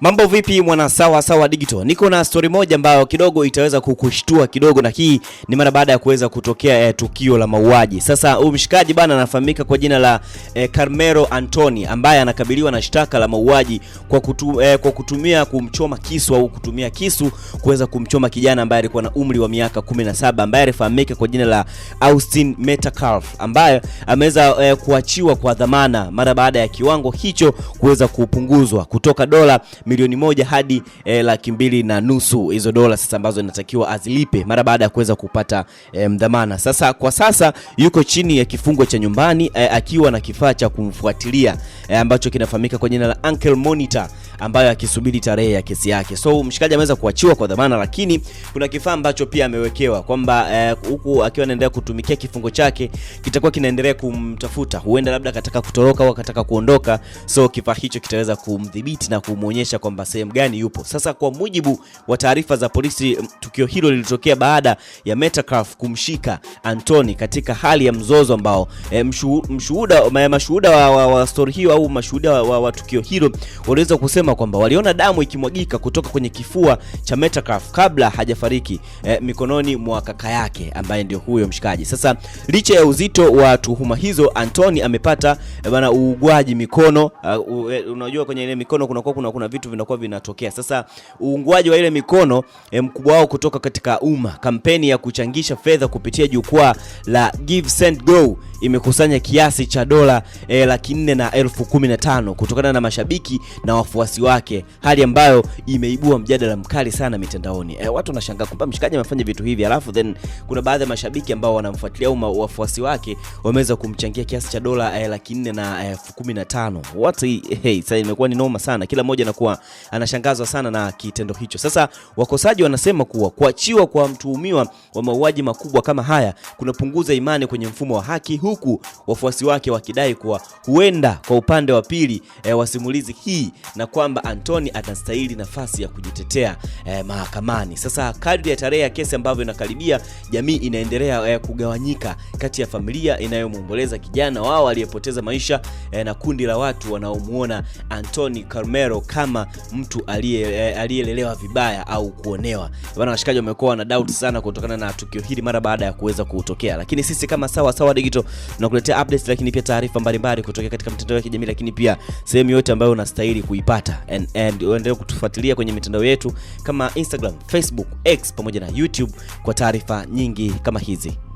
Mambo vipi mwana sawa sawa digital? Niko na story moja ambayo kidogo itaweza kukushtua kidogo, na hii ni mara baada ya kuweza kutokea eh, tukio la mauaji. Sasa huyu mshikaji bana anafahamika kwa jina la eh, Carmelo Anthony ambaye anakabiliwa na shtaka la mauaji kwa, kutu, eh, kwa kutumia kumchoma kisu au kutumia kisu kuweza kumchoma kijana ambaye alikuwa na umri wa miaka 17 ambaye alifahamika kwa jina la Austin Metcalf ambaye ameweza eh, kuachiwa kwa dhamana mara baada ya kiwango hicho kuweza kupunguzwa kutoka dola milioni moja hadi e, laki mbili na nusu hizo dola sasa ambazo inatakiwa azilipe mara baada ya kuweza kupata e, mdhamana. Sasa kwa sasa yuko chini ya kifungo cha nyumbani e, akiwa na kifaa cha kumfuatilia e, ambacho kinafahamika kwa jina la Ankle Monitor ambayo akisubiri tarehe ya kesi yake. So mshikaji ameweza kuachiwa kwa dhamana, lakini kuna kifaa ambacho pia amewekewa kwamba eh, huku eh, akiwa anaendelea kutumikia kifungo chake kitakuwa kinaendelea kumtafuta, huenda labda akataka kutoroka au akataka kuondoka, so kifaa hicho kitaweza kumdhibiti na kumwonyesha kwamba sehemu gani yupo. Sasa kwa mujibu wa taarifa za polisi, tukio hilo lilitokea baada ya Metcalf kumshika Anthony katika hali ya mzozo ambao eh, mshu, mshuhuda mashuhuda wa, wa, wa story hiyo au mashuhuda wa, wa, wa tukio hilo waliweza kusema amesema kwamba waliona damu ikimwagika kutoka kwenye kifua cha Metacraft kabla hajafariki eh, mikononi mwa kaka yake ambaye ndio huyo mshikaji. Sasa licha ya uzito wa tuhuma hizo, Anthony amepata eh, bana uugwaji mikono. Uh, unajua kwenye ile mikono kunakuwa kuna, kuna vitu vinakuwa vinatokea. Sasa uungwaji wa ile mikono eh, mkubwa wao kutoka katika umma. Kampeni ya kuchangisha fedha kupitia jukwaa la Give Send Go imekusanya kiasi cha dola eh, laki nne na elfu kumi na tano kutokana na mashabiki na wafuasi uongozi wake, hali ambayo imeibua mjadala mkali sana mitandaoni. E, watu wanashangaa kwamba mshikaji amefanya vitu hivi, alafu then kuna baadhi ya mashabiki ambao wanamfuatilia au wafuasi wake wameweza kumchangia kiasi cha dola e, laki nne na eh, elfu kumi na tano. What hey, sasa imekuwa ni noma sana, kila mmoja anakuwa anashangazwa sana na kitendo hicho. Sasa wakosaji wanasema kuwa kuachiwa kwa mtuhumiwa wa mauaji makubwa kama haya kunapunguza imani kwenye mfumo wa haki, huku wafuasi wake wakidai kuwa huenda kwa upande wa pili e, wasimulizi hii na kwa kwamba Antony anastahili nafasi ya kujitetea eh, mahakamani. Sasa kadri ya tarehe ya kesi ambavyo inakaribia, jamii inaendelea eh, kugawanyika kati ya familia inayomwomboleza kijana wao aliyepoteza maisha eh, na kundi la watu wanaomuona Antony Carmelo kama mtu eh, aliyelelewa eh, vibaya au kuonewa. Bwana, washikaji wamekuwa na doubt sana kutokana na tukio hili mara baada ya kuweza kutokea, lakini sisi kama Sawa Sawa Digital tunakuletea updates, lakini pia taarifa mbalimbali kutokea katika mitandao ya kijamii, lakini pia sehemu yote ambayo unastahili kuipata. Twitter and uendelee kutufuatilia kwenye mitandao yetu kama Instagram, Facebook, X pamoja na YouTube kwa taarifa nyingi kama hizi.